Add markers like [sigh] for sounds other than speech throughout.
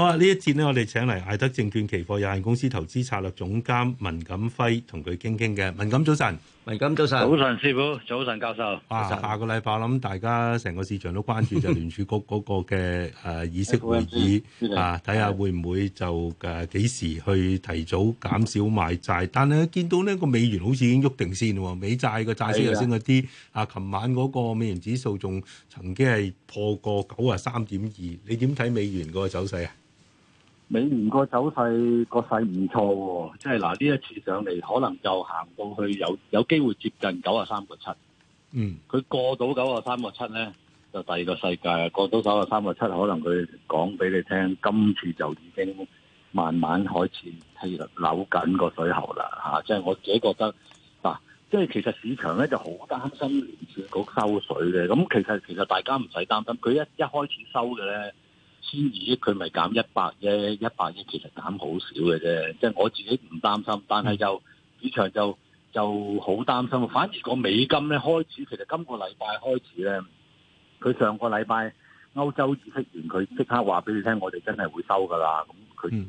好啊！呢一節呢，我哋請嚟艾德證券期貨有限公司投資策略總監文錦輝，同佢傾傾嘅。文錦早晨，文錦早晨，早晨師傅，早晨教授。啊，下個禮拜我諗大家成個市場都關注就聯儲局嗰個嘅誒、啊、議息會議 [laughs] 啊，睇下會唔會就誒幾、啊、時去提早減少買債？但係見到呢、那個美元好似已經喐定先喎，美債嘅債息又升一啲。的啊，琴晚嗰個美元指數仲曾經係破過九十三點二，你點睇美元個走勢啊？美元個走勢個勢唔錯喎、哦，即係嗱呢一次上嚟可能就行到去有有機會接近九啊三個七。嗯，佢過到九啊三個七咧，就第二個世界。過到九啊三個七，可能佢講俾你聽，今次就已經慢慢開始開始扭緊個水喉啦嚇。即、啊、係、就是、我自己覺得嗱，即、啊、係、就是、其實市場咧就好擔心聯儲局收水嘅。咁其實其實大家唔使擔心，佢一一開始收嘅咧。千二億佢咪減一百啫，一百億其實減好少嘅啫，即係我自己唔擔心，但係就市場就就好擔心。反而個美金咧，開始其實今個禮拜開始咧，佢上個禮拜歐洲議息完佢即刻話俾你聽，我哋真係會收㗎啦。咁佢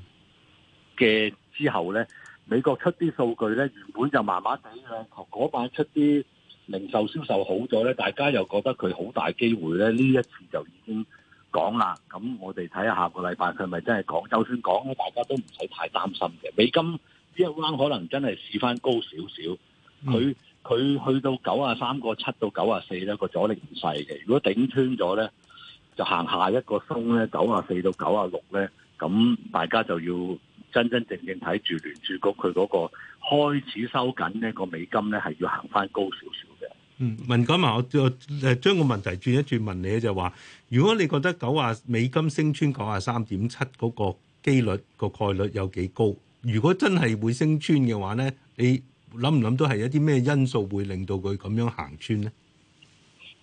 嘅之後咧，美國出啲數據咧，原本就麻麻地嘅嗰晚出啲零售銷售好咗咧，大家又覺得佢好大機會咧，呢一次就已經。講啦，咁我哋睇下下個禮拜佢係咪真係講就算講咧，大家都唔使太擔心嘅。美金呢一 round 可能真係試翻高少少，佢佢去到九啊三個七到九啊四咧，個阻力唔細嘅。如果頂穿咗咧，就行下一個峯咧，九啊四到九啊六咧，咁大家就要真真正正睇住聯儲局佢嗰個開始收緊呢個美金咧，係要行翻高少少嘅。嗯，溫傑啊我，就誒將個問題轉一轉問你啊，就話、是、如果你覺得九啊美金升穿九啊三點七嗰個機率、個概率有幾高？如果真係會升穿嘅話咧，你諗唔諗到係一啲咩因素會令到佢咁樣行穿咧？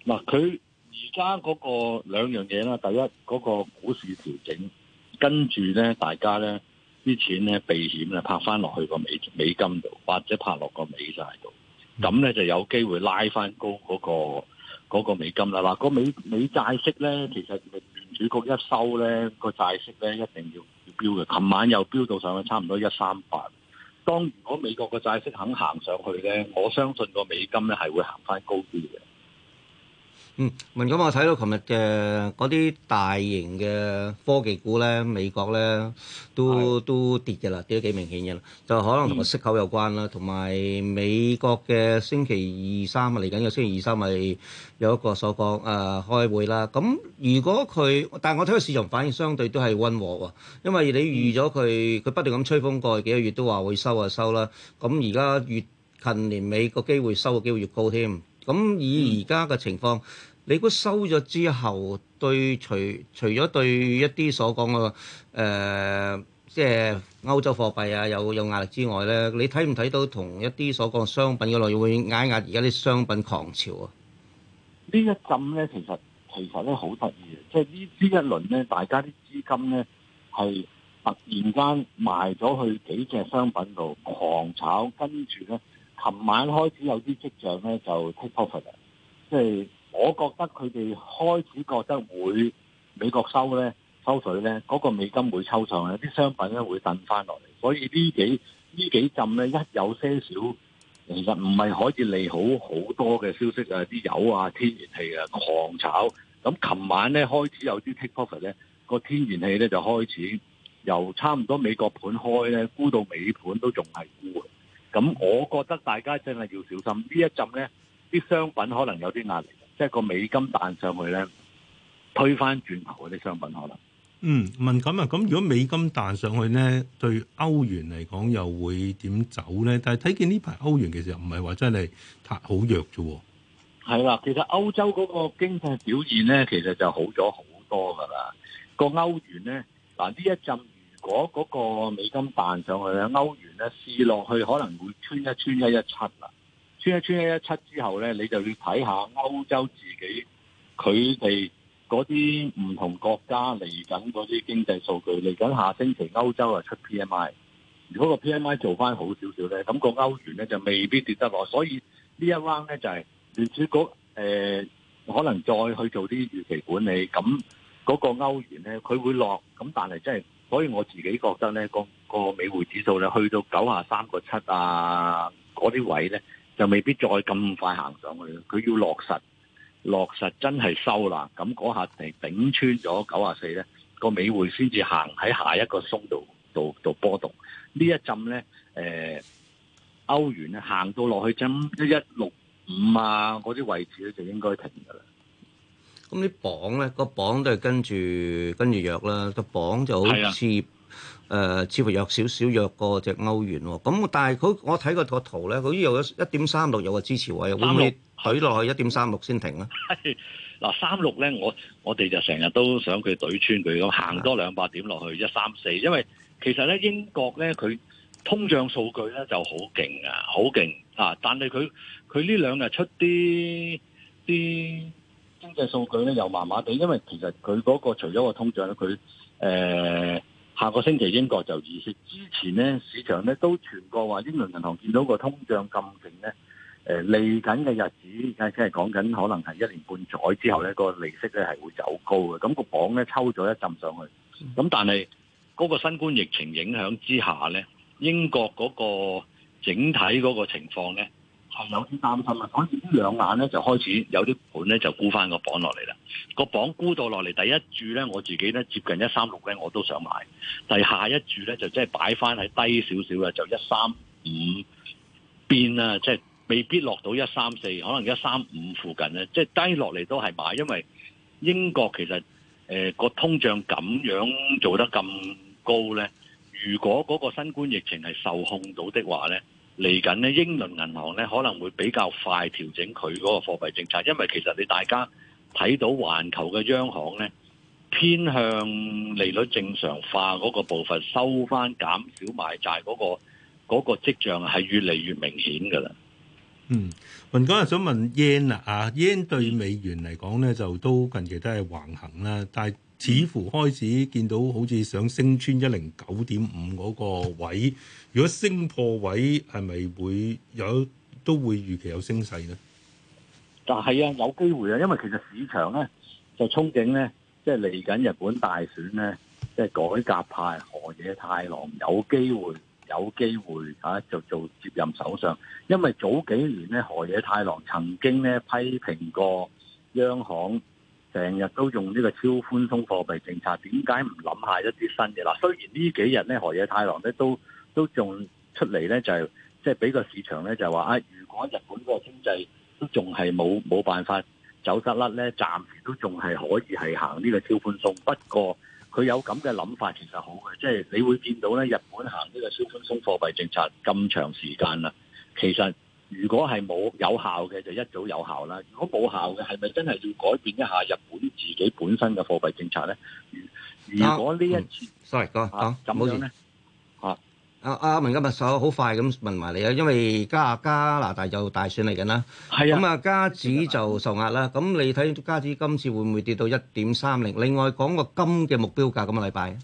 嗱，佢而家嗰個兩樣嘢啦，第一嗰、個股市調整，跟住咧大家咧啲錢咧避險咧，拍翻落去個美美金度，或者拍落個美債度。咁咧就有機會拉翻高嗰、嗰個嗰個美金啦。嗱、那，個美美債息咧，其實聯聯儲局一收咧，個債息咧一定要，要飆嘅。琴晚又飆到上去，差唔多一三八。當如果美國嘅債息肯行上去咧，我相信個美金咧係會行翻高啲嘅。嗯，文哥，我睇到琴日嘅嗰啲大型嘅科技股咧，美國咧都都跌嘅啦，跌得幾明顯嘅啦，就可能同個息口有關啦，同埋美國嘅星期二三啊，嚟緊嘅星期二三咪有一個所講啊開會啦。咁如果佢，但係我睇個市場反應相對都係溫和喎，因為你預咗佢，佢不斷咁吹風過去幾個月都話會收就收啦。咁而家越近年尾個機會收嘅機會越高添。咁以而家嘅情況。你估收咗之後，對除除咗對一啲所講嘅，誒、呃，即係歐洲貨幣啊有有壓力之外咧，你睇唔睇到同一啲所講商品嘅內容會壓壓而家啲商品狂潮啊？一呢一浸咧，其實其實咧好得意嘅，即係呢呢一輪咧，大家啲資金咧係突然間賣咗去幾隻商品度狂炒，跟住咧，琴晚開始有啲跡象咧就 take profit 即係。我覺得佢哋開始覺得會美國收咧收水咧，嗰、嗰個美金會抽上嚟，啲商品咧會震返落嚟。所以幾幾陣呢幾呢幾陣咧，一有些少其實唔係可以利好好多嘅消息啊！啲油啊、天然氣啊狂炒。咁琴晚咧開始有啲 take profit 咧，個天然氣咧就開始由差唔多美國盤開咧沽到尾盤都仲係沽。咁我覺得大家真係要小心一陣呢一陣咧，啲商品可能有啲壓力。即係個美金彈上去咧，推返轉頭嗰啲商品可能。嗯，敏感啊。咁如果美金彈上去咧，對歐元嚟講又會點走咧？但係睇見呢排歐元其實唔係話真係太好弱啫喎。係啦，其實歐洲嗰個經濟表現咧，其實就好咗好多噶啦。個歐元咧，嗱呢一陣如果嗰個美金彈上去咧，歐元咧試落去可能會穿一穿一一七啦。穿穿一七之後咧，你就要睇下歐洲自己佢哋嗰啲唔同國家嚟緊嗰啲經濟數據，嚟緊下星期歐洲啊，出 PMI，如果個 PMI 做翻好少少咧，咁個歐元咧就未必跌得落。所以呢一 round 咧就係聯儲局誒，可能再去做啲預期管理，咁嗰個歐元咧佢會落。咁但係真係，所以我自己覺得咧，個個美匯指數咧去到九下三個七啊，嗰啲位咧。就未必再咁快行上去，佢要落實落實真係收啦。咁嗰下嚟頂穿咗九啊四咧，個尾匯先至行喺下一個松度度度波動。一呢一陣咧，誒、欸、歐元行到落去針一一六五啊嗰啲位置咧，就應該停噶啦。咁啲鎊咧，個鎊都係跟住跟住弱啦，個鎊就好似。誒、呃，似乎弱少少弱過隻歐元喎、哦。咁但係佢，我睇過個圖咧，佢呢有一點三六，有個支持位，會唔會懟落去一點三六先停咧？嗱，三六咧，我我哋就成日都想佢懟穿佢咁，行多兩百點落去的一三四，因為其實咧英國咧，佢通脹數據咧就好勁啊，好勁啊！但係佢佢呢兩日出啲啲經濟數據咧又麻麻地，因為其實佢嗰、那個除咗個通脹咧，佢誒。呃下個星期英國就議息，之前咧市場咧都傳過話，英倫銀行見到個通脹咁勁咧，誒嚟緊嘅日子係真係講緊可能係一年半載之後咧個利息咧係會走高嘅，咁個磅咧抽咗一浸上去，咁但係嗰個新冠疫情影響之下咧，英國嗰個整體嗰個情況咧。有啲擔心啊！所以呢兩眼咧就開始有啲盤咧就沽翻個榜落嚟啦。個榜沽到落嚟第一注咧，我自己咧接近一三六咧我都想買。但係下一注咧就即係擺翻喺低少少嘅，就一三五邊啦。即係未必落到一三四，可能一三五附近咧，即係低落嚟都係買。因為英國其實誒、呃個通脹咁樣做得咁高咧，如果嗰個新冠疫情係受控到的話咧。嚟緊咧，英倫銀行咧可能會比較快調整佢嗰個貨幣政策，因為其實你大家睇到環球嘅央行咧偏向利率正常化嗰個部分收翻減少買債嗰、嗰個嗰、嗰個、跡象係越嚟越明顯嘅啦。嗯，文哥又想問 yen 啊，yen 對美元嚟講咧就近都近期都係橫行啦，但係。似乎開始見到好似想升穿一零九點五嗰個位，如果升破位，係咪會有都會預期有升勢呢？但係啊，有機會啊，因為其實市場咧就憧憬咧，即係嚟緊日本大選咧，即、就、係、是、改革派河野太郎有機會有機會嚇、啊、就做接任首相，因為早幾年咧河野太郎曾經咧批評過央行。成日都用呢個超寬鬆貨幣政策，點解唔諗下一啲新嘅？嗱，雖然呢幾日咧，河野太郎咧都都仲出嚟咧，就係即係俾個市場咧，就話啊，如果日本個經濟都仲係冇冇辦法走失甩咧，暫時都仲係可以係行呢個超寬鬆。不過佢有咁嘅諗法，其實好嘅，即係你會見到咧，日本行呢個超寬鬆貨幣政策咁長時間啦，其實。如果係冇有效嘅，就一早有效啦。如果冇效嘅，係咪真係要改變一下日本自己本身嘅貨幣政策咧？如如果呢一次，sorry，講講唔好先咧。嚇！阿阿文今日手好快咁問埋你啊，因為加加拿大又大選嚟緊啦。係啊。咁啊，加指就受壓啦。咁你睇加指今次會唔會跌到一點三零？另外講個金嘅目標價今個禮拜。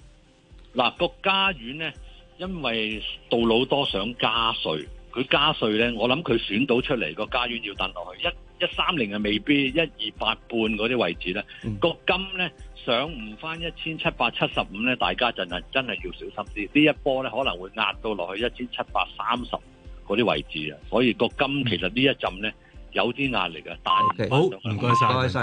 嗱，個加元咧，因為杜魯多想加稅。佢加稅咧，我諗佢選到出嚟個家園要掟落去一一三零啊，1, 1，未必一二八半嗰啲位置咧。個、嗯、金咧上唔返一千七百七十五咧，大家就係真係要小心啲。呢一波咧，可能會壓到落去一千七百三十嗰啲位置啊。所以個金其實一呢一浸咧有啲壓力但、okay。謝謝啊。好，唔該晒。唔該晒。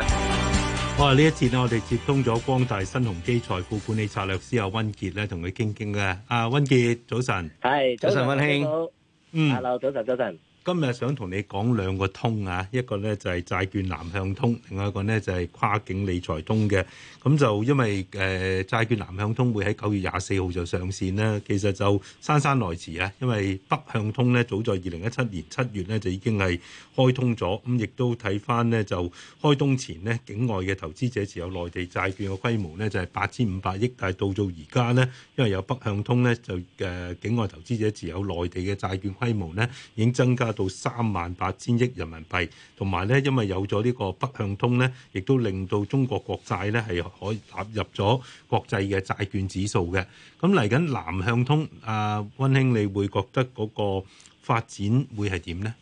我話呢一節咧，我哋接通咗光大新鴻基財富管理策略師阿溫傑咧，同佢傾傾嘅。阿溫傑，早晨。係。早晨，溫兄。溫慶嗯，Hello，早晨，早晨。今日想同你講兩個通啊，一個咧就係債券南向通，另外一個咧就係跨境理財通嘅。咁就因為誒、呃、債券南向通會喺九月廿四號就上線啦，其實就姍姍來遲啊。因為北向通咧，早在二零一七年七月咧就已經係開通咗，咁亦都睇翻咧就開通前咧境外嘅投資者持有內地債券嘅規模咧就係八千五百億，但係到到而家咧，因為有北向通咧就誒、呃、境外投資者持有內地嘅債券規模咧已經增加。到三萬八千億人民幣，同埋咧，因為有咗呢個北向通咧，亦都令到中國國債咧係可以納入咗國際嘅債券指數嘅。咁嚟緊南向通，阿、啊、温兄，你會覺得嗰個發展會係點咧？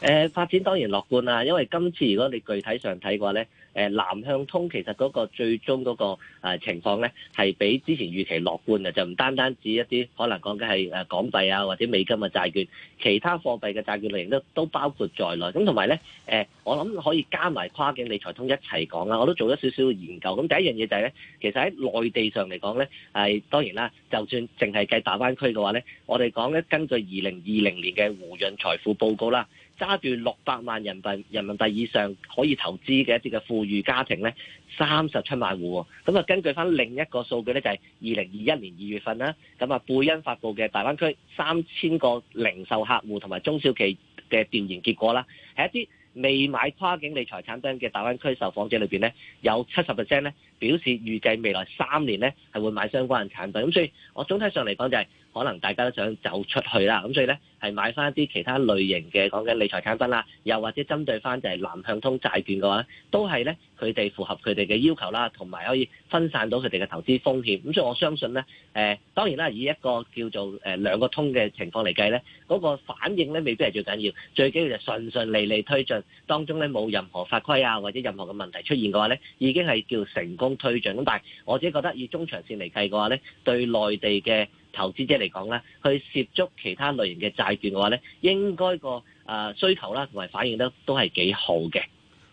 誒、呃、發展當然樂觀啦，因為今次如果你具體上睇嘅話咧，誒、呃、南向通其實嗰個最終嗰個情況咧，係比之前預期樂觀嘅，就唔單單止一啲可能講嘅係誒港幣啊或者美金嘅債券，其他貨幣嘅債券類型都都包括在內。咁同埋咧，誒、呃、我諗可以加埋跨境理財通一齊講啦、啊。我都做咗少少研究，咁第一樣嘢就係咧，其實喺內地上嚟講咧，係、呃、當然啦，就算淨係計大灣區嘅話咧，我哋講咧根據二零二零年嘅胡潤財富報告啦。揸住六百萬人民人民幣以上可以投資嘅一啲嘅富裕家庭咧，三十七萬戶。咁啊，根據翻另一個數據咧，就係二零二一年二月份啦。咁、嗯、啊，貝恩發布嘅大灣區三千個零售客戶同埋中小企嘅調研結果啦，喺一啲未買跨境理財產品嘅大灣區受訪者裏邊咧，有七十 percent 咧表示預計未來三年咧係會買相關嘅產品。咁、嗯、所以，我總體上嚟講就係、是。可能大家都想走出去啦，咁所以呢，係買翻啲其他類型嘅講緊理財產品啦，又或者針對翻就係南向通債券嘅話，都係呢，佢哋符合佢哋嘅要求啦，同埋可以分散到佢哋嘅投資風險，咁所以我相信呢，誒、呃，當然啦，以一個叫做誒兩個通嘅情況嚟計呢嗰、嗰個反應呢未必係最緊要，最緊要就順順利利推進當中呢，冇任何法規啊或者任何嘅問題出現嘅話呢，已經係叫成功推進，咁但係我自己覺得以中長線嚟計嘅話呢，對內地嘅。投資者嚟講咧，去涉足其他類型嘅債券嘅話咧，應該個誒需求啦同埋反應得都係幾好嘅。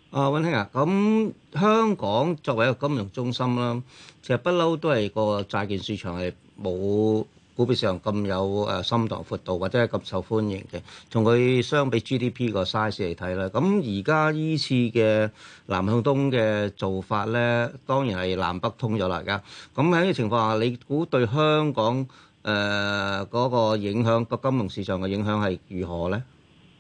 啊，溫兄啊，咁香港作為一個金融中心啦，其實不嬲都係個債券市場係冇股票市場咁有誒深度、闊度或者係咁受歡迎嘅。同佢相比 GDP 個 size 嚟睇啦，咁而家呢次嘅南向通嘅做法咧，當然係南北通咗啦，而家咁喺呢個情況下，你估對香港？誒，嗰、呃嗰個影響、嗰個金融市場嘅影響係如何呢？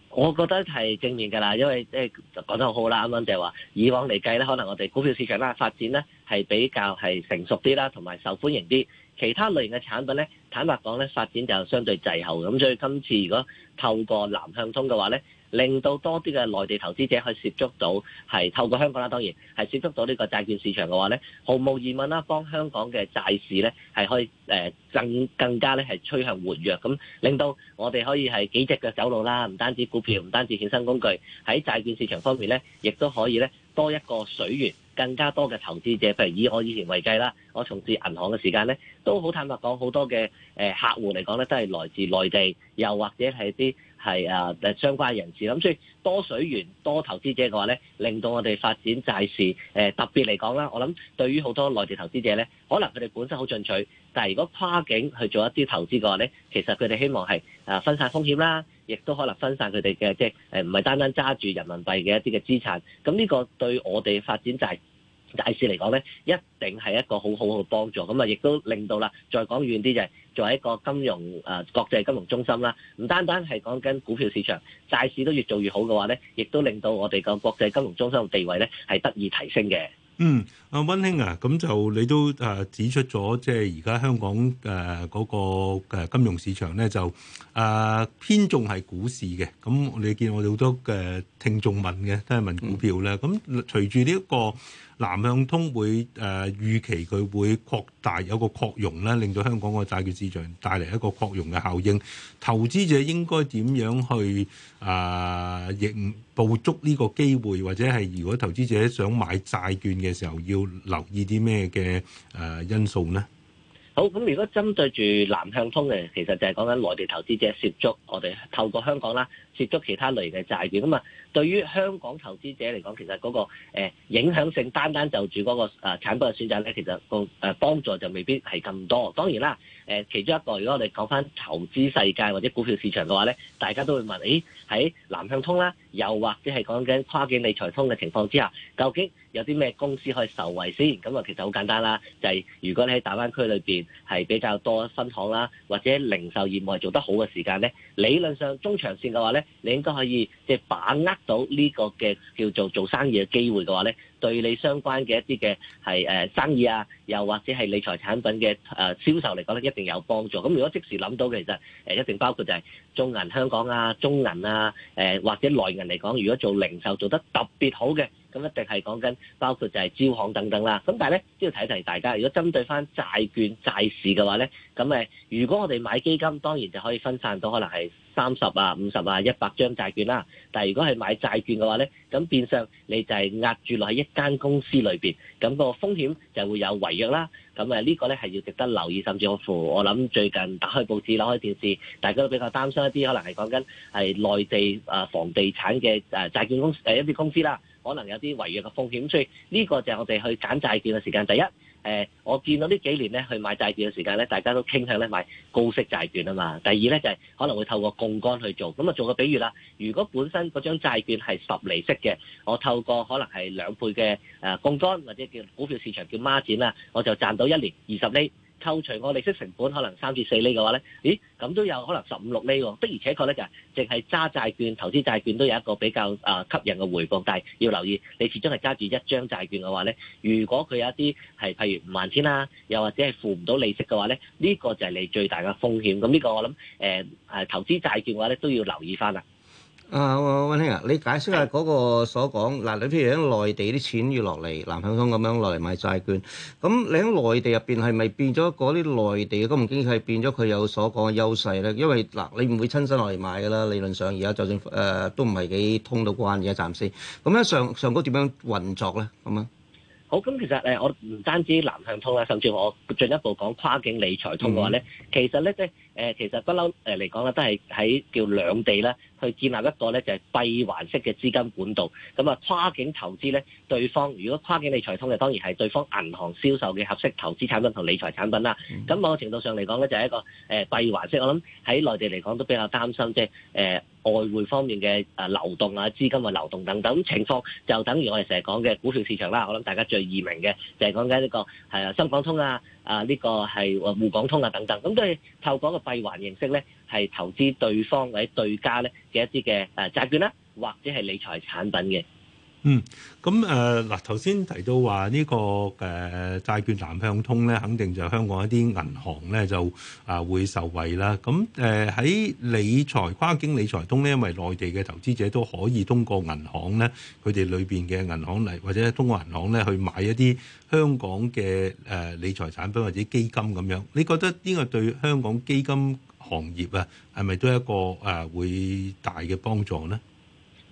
我覺得係正面噶啦，因為即係講得好好啦，啱啱就係話以往嚟計咧，可能我哋股票市場啦發展咧係比較係成熟啲啦，同埋受歡迎啲。其他類型嘅產品咧，坦白講咧，發展就相對滯後。咁所以今次如果透過南向通嘅話咧。令到多啲嘅內地投資者可以涉足到，係透過香港啦、啊，當然係涉足到呢個債券市場嘅話咧，毫無疑問啦、啊，幫香港嘅債市咧係可以誒、呃、更更加咧係趨向活躍，咁、嗯、令到我哋可以係幾隻嘅走路啦、啊，唔單止股票，唔單止衍生工具，喺債券市場方面咧，亦都可以咧多一個水源。更加多嘅投資者，譬如以我以前為計啦，我從事銀行嘅時間咧，都好坦白講，好多嘅誒客戶嚟講咧，都係來自內地，又或者係啲係啊相關嘅人士。咁所以多水源、多投資者嘅話咧，令到我哋發展債市。誒特別嚟講啦，我諗對於好多內地投資者咧，可能佢哋本身好進取，但係如果跨境去做一啲投資嘅話咧，其實佢哋希望係啊分散風險啦，亦都可能分散佢哋嘅即係誒唔係單單揸住人民幣嘅一啲嘅資產。咁呢個對我哋發展債債市嚟講咧，一定係一個好好嘅幫助。咁啊，亦都令到啦。再講遠啲就係作為一個金融誒國際金融中心啦。唔單單係講緊股票市場，債市都越做越好嘅話咧，亦都令到我哋個國際金融中心嘅地位咧係得以提升嘅。嗯，阿溫兄啊，咁就你都誒指出咗，即係而家香港誒嗰個誒金融市場咧，就誒偏重係股市嘅。咁你見我哋好多嘅聽眾問嘅都係問股票咧。咁隨住呢一個。南向通會誒預期佢會擴大有個擴容啦，令到香港嘅債券市場帶嚟一個擴容嘅效應，投資者應該點樣去誒亦、啊、捕捉呢個機會，或者係如果投資者想買債券嘅時候，要留意啲咩嘅誒因素呢？好，咁如果針對住南向通嘅，其實就係講緊內地投資者涉足我哋透過香港啦，涉足其他類嘅債券啊嘛。對於香港投資者嚟講，其實嗰個影響性單單就住嗰個啊產品嘅選擇咧，其實個誒幫助就未必係咁多。當然啦，誒其中一個，如果我哋講翻投資世界或者股票市場嘅話咧，大家都會問：「咦、哎，喺南向通啦、啊，又或者係講緊跨境理財通嘅情況之下，究竟有啲咩公司可以受惠先？咁啊，其實好簡單啦，就係、是、如果你喺大灣區裏邊係比較多分行啦，或者零售業務係做得好嘅時間咧。理論上中長線嘅話咧，你應該可以即係把握到呢個嘅叫做做生意嘅機會嘅話咧。對，你相關嘅一啲嘅係誒生意啊，又或者係理財產品嘅誒銷售嚟講咧，一定有幫助。咁如果即時諗到，其實誒一定包括就係中銀香港啊、中銀啊，誒或者內銀嚟講，如果做零售做得特別好嘅，咁一定係講緊包括就係招行等等啦。咁但係咧都要提提大家。如果針對翻債券債市嘅話咧，咁誒，如果我哋買基金，當然就可以分散到可能係。三十啊、五十啊、一百張債券啦，但係如果係買債券嘅話咧，咁變相你就係壓住落喺一間公司裏邊，咁個風險就會有違約啦。咁啊，呢個咧係要值得留意，甚至乎我諗最近打開報紙、攞開電視，大家都比較擔心一啲，可能係講緊係內地啊房地產嘅誒債券公司誒一啲公司啦，可能有啲違約嘅風險，所以呢個就係我哋去揀債券嘅時間第一。誒、呃，我見到呢幾年咧，去買債券嘅時間咧，大家都傾向咧買高息債券啊嘛。第二咧就係、是、可能會透過槓桿去做。咁啊，做個比喻啦，如果本身嗰張債券係十厘息嘅，我透過可能係兩倍嘅誒槓桿或者叫股票市場叫孖展啦，我就賺到一年二十厘。扣除我利息成本可能三至四厘嘅話咧，咦咁都有可能十五六厘喎。的而且確咧就係淨係揸債券、投資債券都有一個比較啊吸引嘅回報，但係要留意，你始終係揸住一張債券嘅話咧，如果佢有一啲係譬如唔還錢啦，又或者係付唔到利息嘅話咧，呢個就係你最大嘅風險。咁呢個我諗誒誒投資債券嘅話咧都要留意翻啦。啊，溫兄啊，你解釋下嗰個所講嗱，你譬如喺內地啲錢要落嚟，南向通咁樣落嚟買債券，咁你喺內地入邊係咪變咗嗰啲內地嘅金融經濟變咗佢有所講嘅優勢咧？因為嗱，你唔會親身落嚟買㗎啦。理論上而家就算誒都唔係幾通到關嘅暫時。咁咧上上高點樣運作咧？咁啊，好，咁其實誒，我唔單止南向通啦，甚至我進一步講跨境理財通嘅話咧，其實咧即係誒，其實不嬲誒嚟講啦，都係喺叫兩地咧。去建立一個咧就係閉環式嘅資金管道，咁啊跨境投資咧，對方如果跨境理財通嘅，當然係對方銀行銷售嘅合適投資產品同理財產品啦。咁、嗯、某程度上嚟講咧，就係一個誒閉環式。我諗喺內地嚟講都比較擔心、就是，即係誒外匯方面嘅啊流動啊資金嘅流動等等情況，就等於我哋成日講嘅股票市場啦。我諗大家最易明嘅就係、是、講緊呢、這個係啊深港通啊。啊！呢、這個係滬、啊、港通啊，等等，咁、嗯、都係透過一個閉環形式咧，係投資對方或者對家咧嘅一啲嘅誒債券啦、啊，或者係理財產品嘅。嗯，咁誒，嗱、呃，頭先提到話、這個，呢個誒債券南向通咧，肯定就香港一啲銀行咧就啊會受惠啦。咁誒喺理財跨境理財通咧，因為內地嘅投資者都可以通過銀行咧，佢哋裏邊嘅銀行嚟，或者通過銀行咧去買一啲香港嘅誒、呃、理財產品或者基金咁樣。你覺得呢個對香港基金行業啊，係咪都係一個誒、呃、會大嘅幫助咧？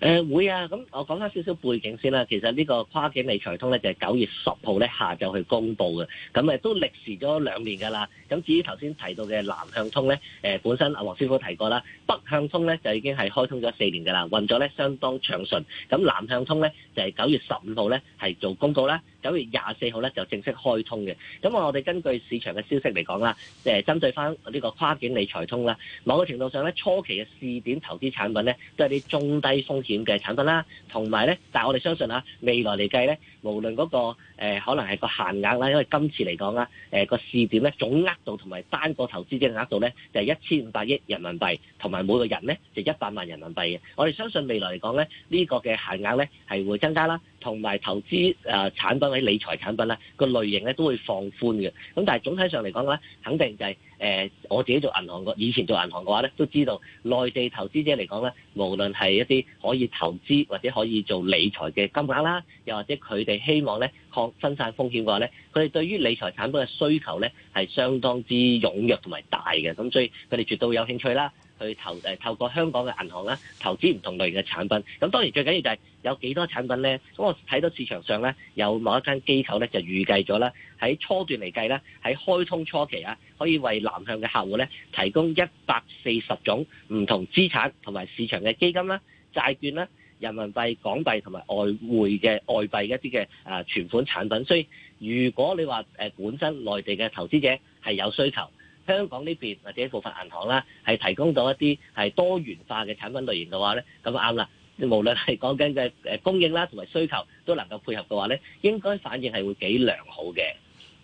誒、呃、會啊，咁我講返少少背景先啦。其實呢個跨境理財通咧，就係、是、九月十號咧下晝去公布嘅，咁誒都歷時咗兩年噶啦。咁至於頭先提到嘅南向通咧，誒、呃、本身阿、啊、黃師傅提過啦，北向通咧就已經係開通咗四年噶啦，運作咧相當暢順。咁南向通咧就係、是、九月十五號咧係做公告啦。九月廿四號咧就正式開通嘅。咁啊，我哋根據市場嘅消息嚟講啦，誒，針對翻呢個跨境理財通啦，某個程度上咧，初期嘅試點投資產品咧，都係啲中低風險嘅產品啦。同埋咧，但係我哋相信啊，未來嚟計咧，無論嗰個誒可能係個限額啦，因為今次嚟講啦，誒個試點咧總額度同埋單個投資者額度咧，就係一千五百億人民幣，同埋每個人咧就一百萬人民幣嘅。我哋相信未來嚟講咧，呢個嘅限額咧係會增加啦。同埋投資誒產品或者理財產品咧，個類型咧都會放寬嘅。咁但係總體上嚟講咧，肯定就係、是、誒、呃、我自己做銀行嘅，以前做銀行嘅話咧，都知道內地投資者嚟講咧，無論係一啲可以投資或者可以做理財嘅金額啦，又或者佢哋希望咧擴分散風險嘅話咧，佢哋對於理財產品嘅需求咧係相當之踴躍同埋大嘅。咁所以佢哋絕對有興趣啦。去投誒透過香港嘅銀行咧投資唔同類型嘅產品，咁當然最緊要就係有幾多產品咧？咁我睇到市場上咧有某一間機構咧就預計咗啦，喺初段嚟計咧喺開通初期啊，可以為南向嘅客戶咧提供一百四十種唔同資產同埋市場嘅基金啦、啊、債券啦、啊、人民幣、港幣同埋外匯嘅外幣一啲嘅誒存款產品。所以如果你話誒本身內地嘅投資者係有需求。香港呢邊或者部分銀行啦，係提供到一啲係多元化嘅產品類型嘅話咧，咁啊啱啦。無論係講緊嘅誒供應啦，同埋需求都能夠配合嘅話咧，應該反應係會幾良好嘅。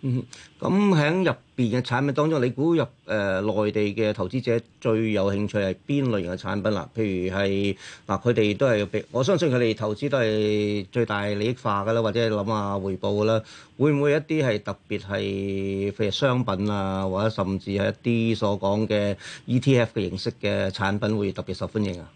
嗯，咁喺入邊嘅產品當中，你估入誒、呃、內地嘅投資者最有興趣係邊類型嘅產品啦、呃？譬如係嗱，佢、呃、哋都係，我相信佢哋投資都係最大利益化噶啦，或者諗下回報噶啦。會唔會一啲係特別係譬如商品啊，或者甚至係一啲所講嘅 ETF 嘅形式嘅產品會特別受歡迎啊？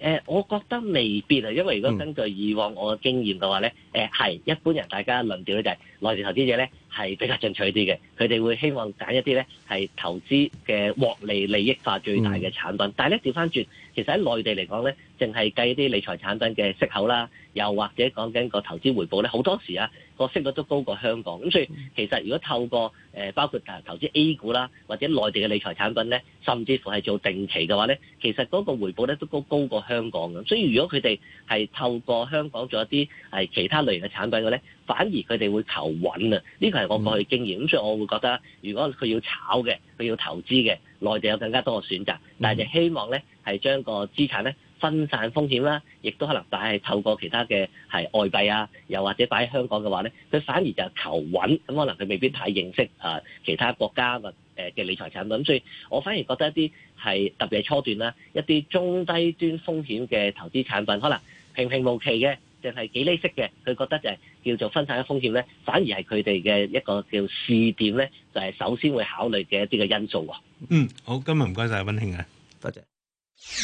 誒、呃，我覺得未必啊，因為如果根據以往我嘅經驗嘅話咧，誒、呃、係一般人大家論調咧就係內地投資者咧係比較進取啲嘅，佢哋會希望揀一啲咧係投資嘅獲利利益化最大嘅產品，但係咧調翻轉。其實喺內地嚟講咧，淨係計啲理財產品嘅息口啦，又或者講緊個投資回報咧，好多時啊個息率都高過香港，咁、嗯、所以其實如果透過誒、呃、包括投資 A 股啦，或者內地嘅理財產品咧，甚至乎係做定期嘅話咧，其實嗰個回報咧都高高過香港咁。所以如果佢哋係透過香港做一啲係、呃、其他類型嘅產品嘅咧，反而佢哋會求穩啊！呢、這個係我過去經驗，咁、嗯、所以我會覺得，如果佢要炒嘅，佢要投資嘅。內地有更加多嘅選擇，但係就希望咧係將個資產咧分散風險啦，亦都可能擺喺透過其他嘅係外幣啊，又或者擺喺香港嘅話咧，佢反而就求穩，咁可能佢未必太認識啊其他國家或誒嘅理財產品，咁所以我反而覺得一啲係特別係初段啦，一啲中低端風險嘅投資產品，可能平平無奇嘅，淨係幾厘息嘅，佢覺得就係叫做分散嘅風險咧，反而係佢哋嘅一個叫試點咧，就係首先會考慮嘅一啲嘅因素喎。嗯，好，今日唔該晒溫傑啊，多謝。 [noise] [noise]